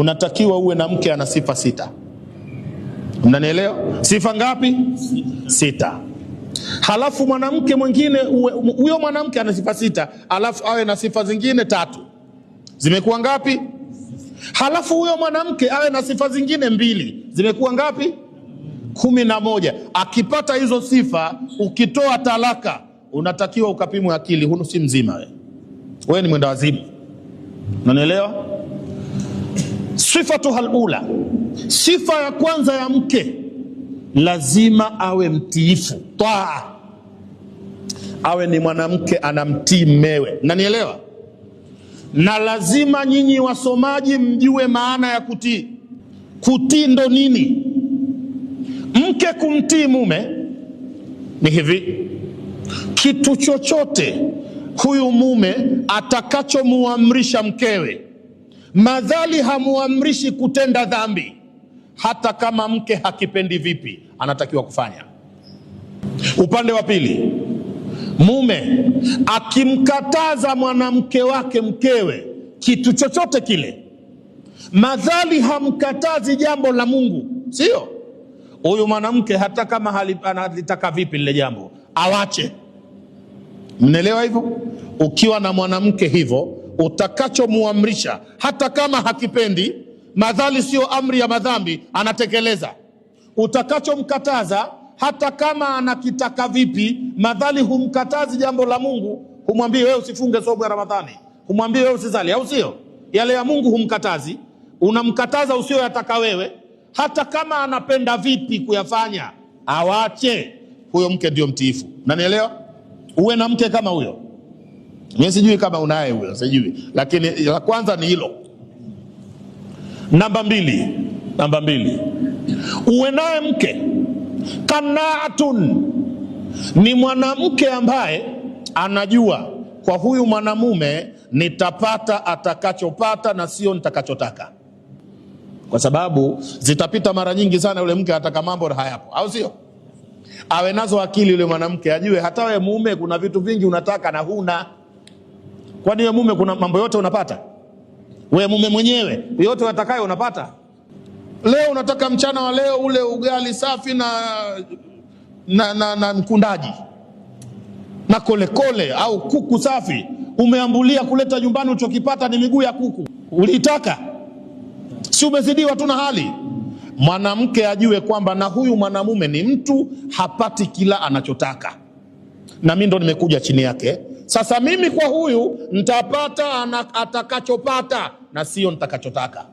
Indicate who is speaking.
Speaker 1: unatakiwa uwe na mke ana sifa sita. Mnanielewa? Sifa ngapi? Sita. Halafu mwanamke mwingine, huyo mwanamke ana sifa sita, alafu awe na sifa zingine tatu. Zimekuwa ngapi? Halafu huyo mwanamke awe na sifa zingine mbili. Zimekuwa ngapi? Kumi na moja. Akipata hizo sifa, ukitoa talaka, unatakiwa ukapimwe akili. Huno si mzima wewe, wewe ni mwenda wazimu. Unanielewa? Sifatuha lula, sifa ya kwanza ya mke lazima awe mtiifu taa, awe ni mwanamke anamtii mmewe, nanielewa. Na lazima nyinyi wasomaji mjue maana ya kutii. Kutii ndo nini? Mke kumtii mume ni hivi, kitu chochote huyu mume atakachomuamrisha mkewe madhali hamuamrishi kutenda dhambi, hata kama mke hakipendi vipi, anatakiwa kufanya. Upande wa pili, mume akimkataza mwanamke wake mkewe kitu chochote kile, madhali hamkatazi jambo la Mungu, sio huyu mwanamke, hata kama analitaka vipi lile jambo, awache. Mnaelewa hivyo? Ukiwa na mwanamke hivyo utakachomwamrisha, hata kama hakipendi, madhali siyo amri ya madhambi, anatekeleza. Utakachomkataza, hata kama anakitaka vipi, madhali humkatazi jambo la Mungu, humwambii wewe usifunge somo ya Ramadhani, humwambii wewe usizali, au sio? Yale ya Mungu humkatazi, unamkataza usiyoyataka wewe, hata kama anapenda vipi kuyafanya, awache. Huyo mke ndio mtiifu, nanielewa. Uwe na mke kama huyo. Mimi sijui kama unaye huyo, sijui, lakini la kwanza ni hilo. Namba mbili, namba mbili, uwe naye mke kanaatun, ni mwanamke ambaye anajua kwa huyu mwanamume nitapata atakachopata na sio nitakachotaka, kwa sababu zitapita mara nyingi sana, yule mke ataka mambo hayapo, au sio? Awe nazo akili yule mwanamke, ajue hata we mume, kuna vitu vingi unataka na huna Kwani we mume kuna mambo yote unapata? Wewe mume mwenyewe yote unatakayo unapata? Leo unataka mchana wa leo ule ugali safi na na, na, na mkundaji na kolekole kole, au kuku safi umeambulia kuleta nyumbani, ulichokipata ni miguu ya kuku. Uliitaka? Si umezidiwa tu na hali. Mwanamke ajue kwamba na huyu mwanamume ni mtu, hapati kila anachotaka, na mimi ndo nimekuja chini yake. Sasa mimi kwa huyu ntapata atakachopata na sio nitakachotaka.